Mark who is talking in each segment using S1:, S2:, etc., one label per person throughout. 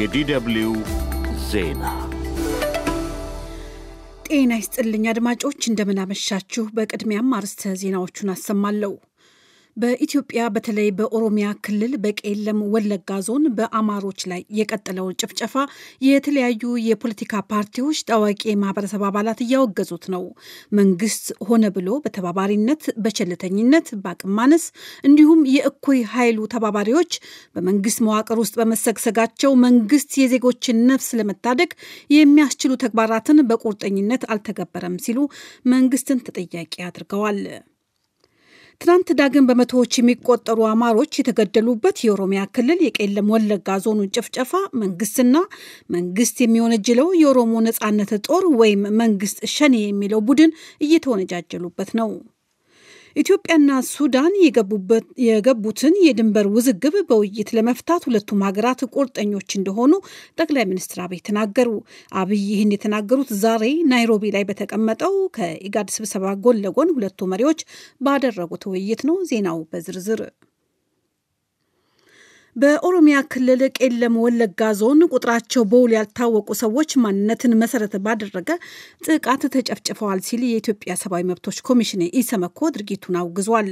S1: የዲደብልዩ ዜና ጤና ይስጥልኝ አድማጮች፣ እንደምናመሻችሁ። በቅድሚያም አርዕስተ ዜናዎቹን አሰማለሁ። በኢትዮጵያ በተለይ በኦሮሚያ ክልል በቄለም ወለጋ ዞን በአማሮች ላይ የቀጠለውን ጭፍጨፋ የተለያዩ የፖለቲካ ፓርቲዎች፣ ታዋቂ የማህበረሰብ አባላት እያወገዙት ነው። መንግስት ሆነ ብሎ በተባባሪነት፣ በቸልተኝነት፣ በአቅም ማነስ እንዲሁም የእኩይ ኃይሉ ተባባሪዎች በመንግስት መዋቅር ውስጥ በመሰግሰጋቸው መንግስት የዜጎችን ነፍስ ለመታደግ የሚያስችሉ ተግባራትን በቁርጠኝነት አልተገበረም ሲሉ መንግስትን ተጠያቂ አድርገዋል። ትናንት ዳግም በመቶዎች የሚቆጠሩ አማሮች የተገደሉበት የኦሮሚያ ክልል የቄለም ወለጋ ዞኑን ጭፍጨፋ መንግስትና መንግስት የሚወነጅለው የኦሮሞ ነጻነት ጦር ወይም መንግስት ሸኔ የሚለው ቡድን እየተወነጃጀሉበት ነው። ኢትዮጵያና ሱዳን የገቡትን የድንበር ውዝግብ በውይይት ለመፍታት ሁለቱም ሀገራት ቁርጠኞች እንደሆኑ ጠቅላይ ሚኒስትር አብይ ተናገሩ። አብይ ይህን የተናገሩት ዛሬ ናይሮቢ ላይ በተቀመጠው ከኢጋድ ስብሰባ ጎን ለጎን ሁለቱ መሪዎች ባደረጉት ውይይት ነው። ዜናው በዝርዝር በኦሮሚያ ክልል ቄለም ወለጋ ዞን ቁጥራቸው በውል ያልታወቁ ሰዎች ማንነትን መሰረት ባደረገ ጥቃት ተጨፍጭፈዋል ሲል የኢትዮጵያ ሰብአዊ መብቶች ኮሚሽን ኢሰመኮ ድርጊቱን አውግዟል።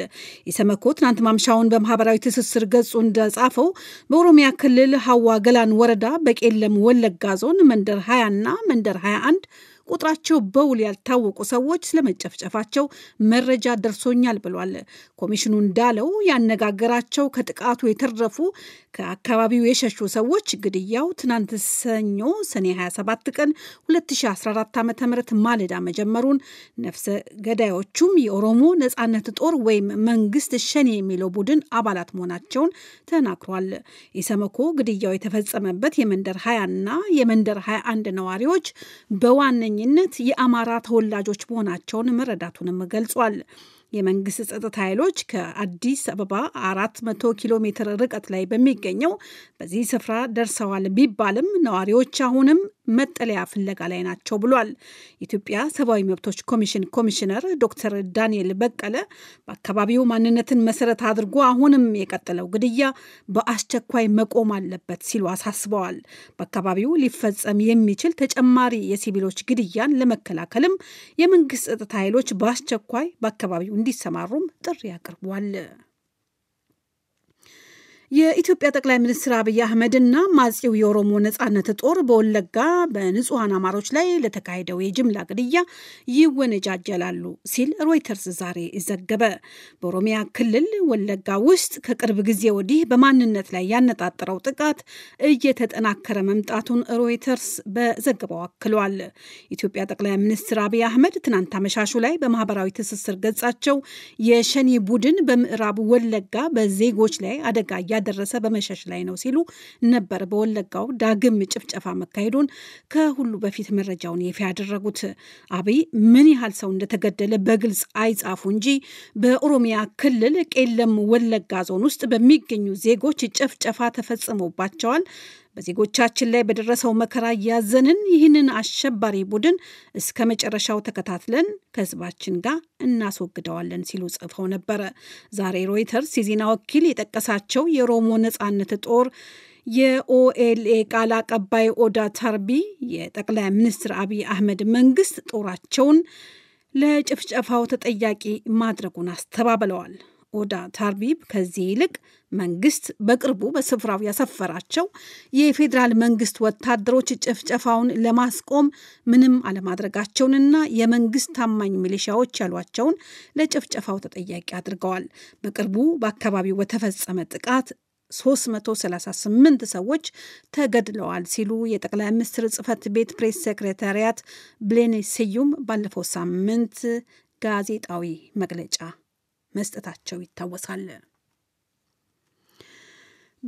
S1: ኢሰመኮ ትናንት ማምሻውን በማህበራዊ ትስስር ገጹ እንደጻፈው በኦሮሚያ ክልል ሀዋ ገላን ወረዳ በቄለም ወለጋ ዞን መንደር 20 እና መንደር 21 ቁጥራቸው በውል ያልታወቁ ሰዎች ስለመጨፍጨፋቸው መረጃ ደርሶኛል ብሏል። ኮሚሽኑ እንዳለው ያነጋገራቸው ከጥቃቱ የተረፉ ከአካባቢው የሸሹ ሰዎች ግድያው ትናንት ሰኞ ሰኔ 27 ቀን 2014 ዓ ም ማለዳ መጀመሩን ነፍሰ ገዳዮቹም የኦሮሞ ነፃነት ጦር ወይም መንግስት ሸኔ የሚለው ቡድን አባላት መሆናቸውን ተናግሯል። ኢሰመኮ ግድያው የተፈጸመበት የመንደር 20 እና የመንደር 21 ነዋሪዎች በዋነኛ በዋነኝነት የአማራ ተወላጆች መሆናቸውን መረዳቱንም ገልጿል። የመንግስት ጸጥታ ኃይሎች ከአዲስ አበባ 400 ኪሎ ሜትር ርቀት ላይ በሚገኘው በዚህ ስፍራ ደርሰዋል ቢባልም ነዋሪዎች አሁንም መጠለያ ፍለጋ ላይ ናቸው ብሏል። የኢትዮጵያ ሰብአዊ መብቶች ኮሚሽን ኮሚሽነር ዶክተር ዳንኤል በቀለ በአካባቢው ማንነትን መሰረት አድርጎ አሁንም የቀጠለው ግድያ በአስቸኳይ መቆም አለበት ሲሉ አሳስበዋል። በአካባቢው ሊፈጸም የሚችል ተጨማሪ የሲቪሎች ግድያን ለመከላከልም የመንግስት ጸጥታ ኃይሎች በአስቸኳይ በአካባቢው እንዲሰማሩም ጥሪ አቅርቧል። የኢትዮጵያ ጠቅላይ ሚኒስትር አብይ አህመድና ማጼው የኦሮሞ ነጻነት ጦር በወለጋ በንጹሐን አማሮች ላይ ለተካሄደው የጅምላ ግድያ ይወነጃጀላሉ ሲል ሮይተርስ ዛሬ ዘገበ። በኦሮሚያ ክልል ወለጋ ውስጥ ከቅርብ ጊዜ ወዲህ በማንነት ላይ ያነጣጠረው ጥቃት እየተጠናከረ መምጣቱን ሮይተርስ በዘገባው አክሏል። ኢትዮጵያ ጠቅላይ ሚኒስትር አብይ አህመድ ትናንት አመሻሹ ላይ በማህበራዊ ትስስር ገጻቸው የሸኔ ቡድን በምዕራብ ወለጋ በዜጎች ላይ አደጋ እያደረሰ በመሸሽ ላይ ነው ሲሉ ነበር በወለጋው ዳግም ጭፍጨፋ መካሄዱን ከሁሉ በፊት መረጃውን ይፋ ያደረጉት። አብይ ምን ያህል ሰው እንደተገደለ በግልጽ አይጻፉ እንጂ በኦሮሚያ ክልል ቄለም ወለጋ ዞን ውስጥ በሚገኙ ዜጎች ጭፍጨፋ ተፈጽሞባቸዋል በዜጎቻችን ላይ በደረሰው መከራ እያዘንን ይህንን አሸባሪ ቡድን እስከ መጨረሻው ተከታትለን ከህዝባችን ጋር እናስወግደዋለን ሲሉ ጽፈው ነበረ። ዛሬ ሮይተርስ የዜና ወኪል የጠቀሳቸው የኦሮሞ ነጻነት ጦር የኦኤልኤ ቃል አቀባይ ኦዳ ታርቢ የጠቅላይ ሚኒስትር አብይ አህመድ መንግስት ጦራቸውን ለጭፍጨፋው ተጠያቂ ማድረጉን አስተባብለዋል። ኦዳ ታርቢብ ከዚህ ይልቅ መንግስት በቅርቡ በስፍራው ያሰፈራቸው የፌዴራል መንግስት ወታደሮች ጭፍጨፋውን ለማስቆም ምንም አለማድረጋቸውንና የመንግስት ታማኝ ሚሊሻዎች ያሏቸውን ለጭፍጨፋው ተጠያቂ አድርገዋል። በቅርቡ በአካባቢው በተፈጸመ ጥቃት 338 ሰዎች ተገድለዋል ሲሉ የጠቅላይ ሚኒስትር ጽህፈት ቤት ፕሬስ ሴክሬታሪያት ብሌኔ ስዩም ባለፈው ሳምንት ጋዜጣዊ መግለጫ መስጠታቸው ይታወሳል።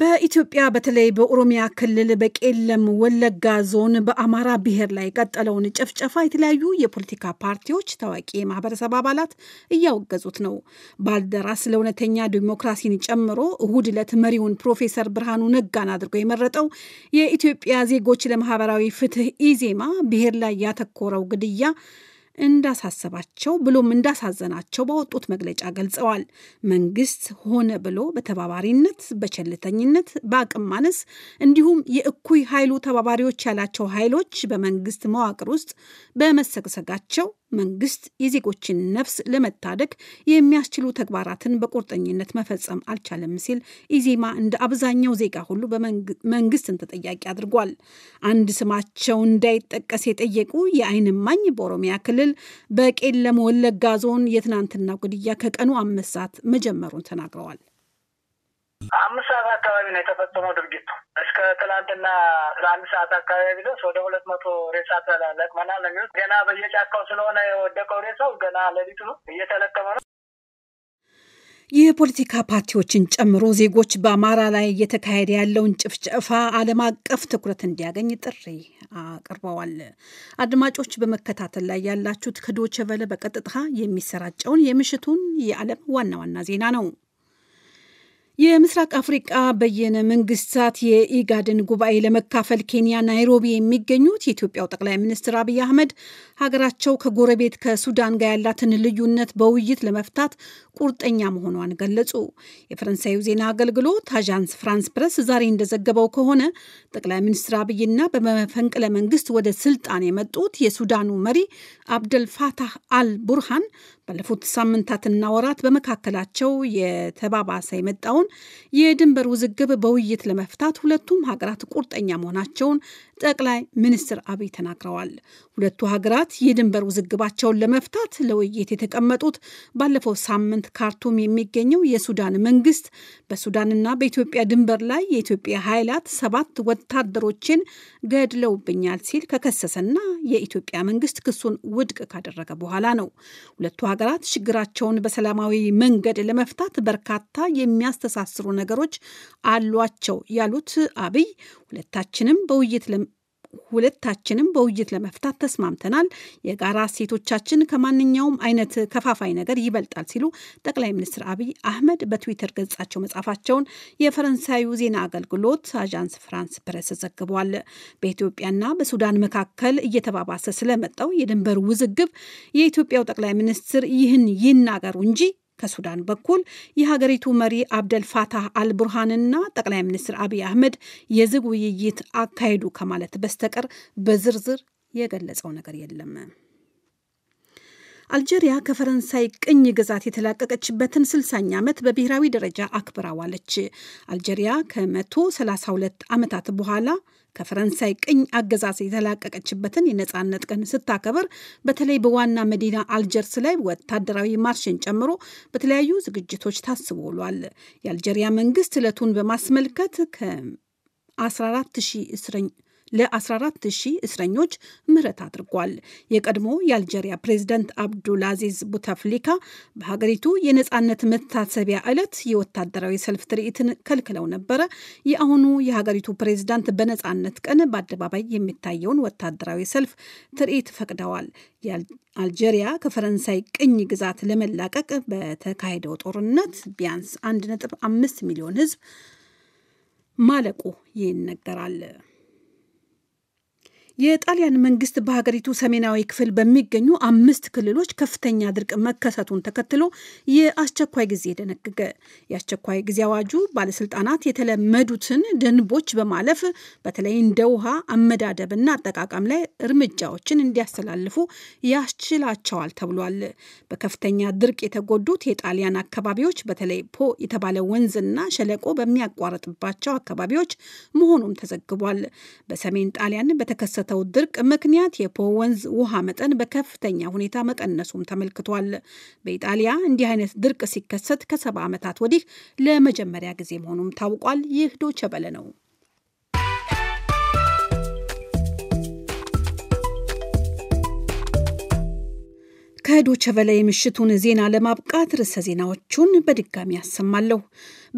S1: በኢትዮጵያ በተለይ በኦሮሚያ ክልል በቄለም ወለጋ ዞን በአማራ ብሔር ላይ ቀጠለውን ጭፍጨፋ የተለያዩ የፖለቲካ ፓርቲዎች፣ ታዋቂ የማህበረሰብ አባላት እያወገዙት ነው። ባልደራስ ለእውነተኛ ዲሞክራሲን ጨምሮ እሁድ ዕለት መሪውን ፕሮፌሰር ብርሃኑ ነጋን አድርጎ የመረጠው የኢትዮጵያ ዜጎች ለማህበራዊ ፍትህ ኢዜማ ብሔር ላይ ያተኮረው ግድያ እንዳሳሰባቸው ብሎም እንዳሳዘናቸው ባወጡት መግለጫ ገልጸዋል። መንግስት ሆነ ብሎ በተባባሪነት፣ በቸልተኝነት፣ በአቅም ማነስ እንዲሁም የእኩይ ኃይሉ ተባባሪዎች ያላቸው ኃይሎች በመንግስት መዋቅር ውስጥ በመሰግሰጋቸው መንግስት የዜጎችን ነፍስ ለመታደግ የሚያስችሉ ተግባራትን በቁርጠኝነት መፈጸም አልቻለም ሲል ኢዜማ እንደ አብዛኛው ዜጋ ሁሉ መንግስትን ተጠያቂ አድርጓል። አንድ ስማቸው እንዳይጠቀስ የጠየቁ የአይንማኝ እማኝ በኦሮሚያ ክልል በቄለም ወለጋ ዞን የትናንትና ግድያ ከቀኑ አምስት ሰዓት መጀመሩን ተናግረዋል። አምስት ሰዓት አካባቢ ነው የተፈጸመው ድርጊቱ። እስከ ትላንትና አስራ አንድ ሰዓት አካባቢ ድረስ ወደ ሁለት መቶ ሬሳ ተለቅመናል ነው የሚሉት። ገና በየጫካው ስለሆነ የወደቀው ሬሳው ገና ሌሊቱ ነው እየተለቀመ ነው። የፖለቲካ ፓርቲዎችን ጨምሮ ዜጎች በአማራ ላይ እየተካሄደ ያለውን ጭፍጨፋ ዓለም አቀፍ ትኩረት እንዲያገኝ ጥሪ አቅርበዋል። አድማጮች በመከታተል ላይ ያላችሁት ከዶቸበለ በቀጥታ የሚሰራጨውን የምሽቱን የዓለም ዋና ዋና ዜና ነው። የምስራቅ አፍሪቃ በየነ መንግስታት የኢጋድን ጉባኤ ለመካፈል ኬንያ ናይሮቢ የሚገኙት የኢትዮጵያው ጠቅላይ ሚኒስትር አብይ አህመድ ሀገራቸው ከጎረቤት ከሱዳን ጋር ያላትን ልዩነት በውይይት ለመፍታት ቁርጠኛ መሆኗን ገለጹ። የፈረንሳዩ ዜና አገልግሎት አዣንስ ፍራንስ ፕረስ ዛሬ እንደዘገበው ከሆነ ጠቅላይ ሚኒስትር አብይና በመፈንቅለ መንግስት ወደ ስልጣን የመጡት የሱዳኑ መሪ አብደልፋታህ አል ቡርሃን ባለፉት ሳምንታትና ወራት በመካከላቸው የተባባሰ የመጣውን የድንበር ውዝግብ በውይይት ለመፍታት ሁለቱም ሀገራት ቁርጠኛ መሆናቸውን ጠቅላይ ሚኒስትር አብይ ተናግረዋል። ሁለቱ ሀገራት የድንበር ውዝግባቸውን ለመፍታት ለውይይት የተቀመጡት ባለፈው ሳምንት ካርቱም የሚገኘው የሱዳን መንግስት በሱዳንና በኢትዮጵያ ድንበር ላይ የኢትዮጵያ ኃይላት ሰባት ወታደሮችን ገድለውብኛል ሲል ከከሰሰና የኢትዮጵያ መንግስት ክሱን ውድቅ ካደረገ በኋላ ነው። ሁለቱ ሀገራት ችግራቸውን በሰላማዊ መንገድ ለመፍታት በርካታ የሚያስተሳስሩ ነገሮች አሏቸው ያሉት አብይ ሁለታችንም በውይይት ሁለታችንም በውይይት ለመፍታት ተስማምተናል። የጋራ ሴቶቻችን ከማንኛውም አይነት ከፋፋይ ነገር ይበልጣል ሲሉ ጠቅላይ ሚኒስትር አብይ አህመድ በትዊተር ገጻቸው መጻፋቸውን የፈረንሳዩ ዜና አገልግሎት አዣንስ ፍራንስ ፕሬስ ዘግቧል። በኢትዮጵያና በሱዳን መካከል እየተባባሰ ስለመጣው የድንበር ውዝግብ የኢትዮጵያው ጠቅላይ ሚኒስትር ይህን ይናገሩ እንጂ ከሱዳን በኩል የሀገሪቱ መሪ አብደል ፋታህ አልቡርሃንና ጠቅላይ ሚኒስትር አብይ አህመድ የዝግ ውይይት አካሄዱ ከማለት በስተቀር በዝርዝር የገለጸው ነገር የለም። አልጄሪያ ከፈረንሳይ ቅኝ ግዛት የተላቀቀችበትን 60ኛ ዓመት በብሔራዊ ደረጃ አክብራዋለች። አልጄሪያ ከ132 ዓመታት በኋላ ከፈረንሳይ ቅኝ አገዛዝ የተላቀቀችበትን የነፃነት ቀን ስታከብር በተለይ በዋና መዲና አልጀርስ ላይ ወታደራዊ ማርሽን ጨምሮ በተለያዩ ዝግጅቶች ታስቦ ውሏል። የአልጀሪያ መንግስት ዕለቱን በማስመልከት ከ 14 ሺህ እስረኞች ለ 14000 እስረኞች ምህረት አድርጓል። የቀድሞ የአልጀሪያ ፕሬዝደንት አብዱልአዚዝ ቡተፍሊካ በሀገሪቱ የነፃነት መታሰቢያ ዕለት የወታደራዊ ሰልፍ ትርኢትን ከልክለው ነበረ። የአሁኑ የሀገሪቱ ፕሬዝዳንት በነፃነት ቀን በአደባባይ የሚታየውን ወታደራዊ ሰልፍ ትርኢት ፈቅደዋል። አልጀሪያ ከፈረንሳይ ቅኝ ግዛት ለመላቀቅ በተካሄደው ጦርነት ቢያንስ 1.5 ሚሊዮን ህዝብ ማለቁ ይነገራል። የጣሊያን መንግስት በሀገሪቱ ሰሜናዊ ክፍል በሚገኙ አምስት ክልሎች ከፍተኛ ድርቅ መከሰቱን ተከትሎ የአስቸኳይ ጊዜ ደነገገ። የአስቸኳይ ጊዜ አዋጁ ባለስልጣናት የተለመዱትን ደንቦች በማለፍ በተለይ እንደ ውሃ አመዳደብና አጠቃቀም ላይ እርምጃዎችን እንዲያስተላልፉ ያስችላቸዋል ተብሏል። በከፍተኛ ድርቅ የተጎዱት የጣሊያን አካባቢዎች በተለይ ፖ የተባለ ወንዝና ሸለቆ በሚያቋርጥባቸው አካባቢዎች መሆኑም ተዘግቧል። በሰሜን ጣሊያን በተከሰ በተከሰተው ድርቅ ምክንያት የፖ ወንዝ ውሃ መጠን በከፍተኛ ሁኔታ መቀነሱም ተመልክቷል። በኢጣሊያ እንዲህ አይነት ድርቅ ሲከሰት ከሰባ ዓመታት ወዲህ ለመጀመሪያ ጊዜ መሆኑም ታውቋል። ይህ ዶቸበለ ነው። ከዶቸ ቬለ የምሽቱን ዜና ለማብቃት ርዕሰ ዜናዎቹን በድጋሚ ያሰማለሁ።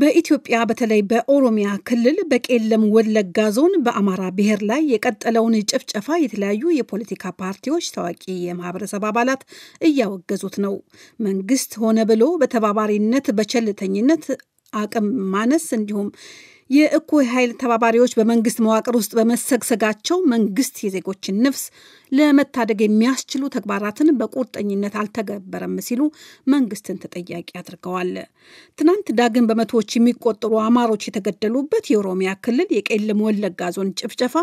S1: በኢትዮጵያ በተለይ በኦሮሚያ ክልል በቄለም ወለጋ ዞን በአማራ ብሔር ላይ የቀጠለውን ጭፍጨፋ የተለያዩ የፖለቲካ ፓርቲዎች፣ ታዋቂ የማህበረሰብ አባላት እያወገዙት ነው። መንግስት ሆነ ብሎ በተባባሪነት፣ በቸልተኝነት፣ አቅም ማነስ እንዲሁም የእኩይ ኃይል ተባባሪዎች በመንግስት መዋቅር ውስጥ በመሰግሰጋቸው መንግስት የዜጎችን ነፍስ ለመታደግ የሚያስችሉ ተግባራትን በቁርጠኝነት አልተገበረም ሲሉ መንግስትን ተጠያቂ አድርገዋል። ትናንት ዳግም በመቶዎች የሚቆጠሩ አማሮች የተገደሉበት የኦሮሚያ ክልል የቄለም ወለጋ ዞን ጭፍጨፋ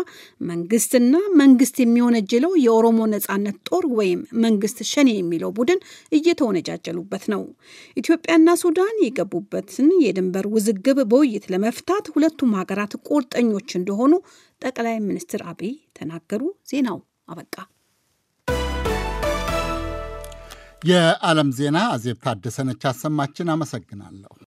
S1: መንግስትና መንግስት የሚወነጅለው የኦሮሞ ነጻነት ጦር ወይም መንግስት ሸኔ የሚለው ቡድን እየተወነጃጀሉበት ነው። ኢትዮጵያና ሱዳን የገቡበትን የድንበር ውዝግብ በውይይት ለመፍታት ሁለቱም ሀገራት ቁርጠኞች እንደሆኑ ጠቅላይ ሚኒስትር አብይ ተናገሩ። ዜናው አበቃ። የዓለም ዜና አዜብ ታደሰነች አሰማችን። አመሰግናለሁ።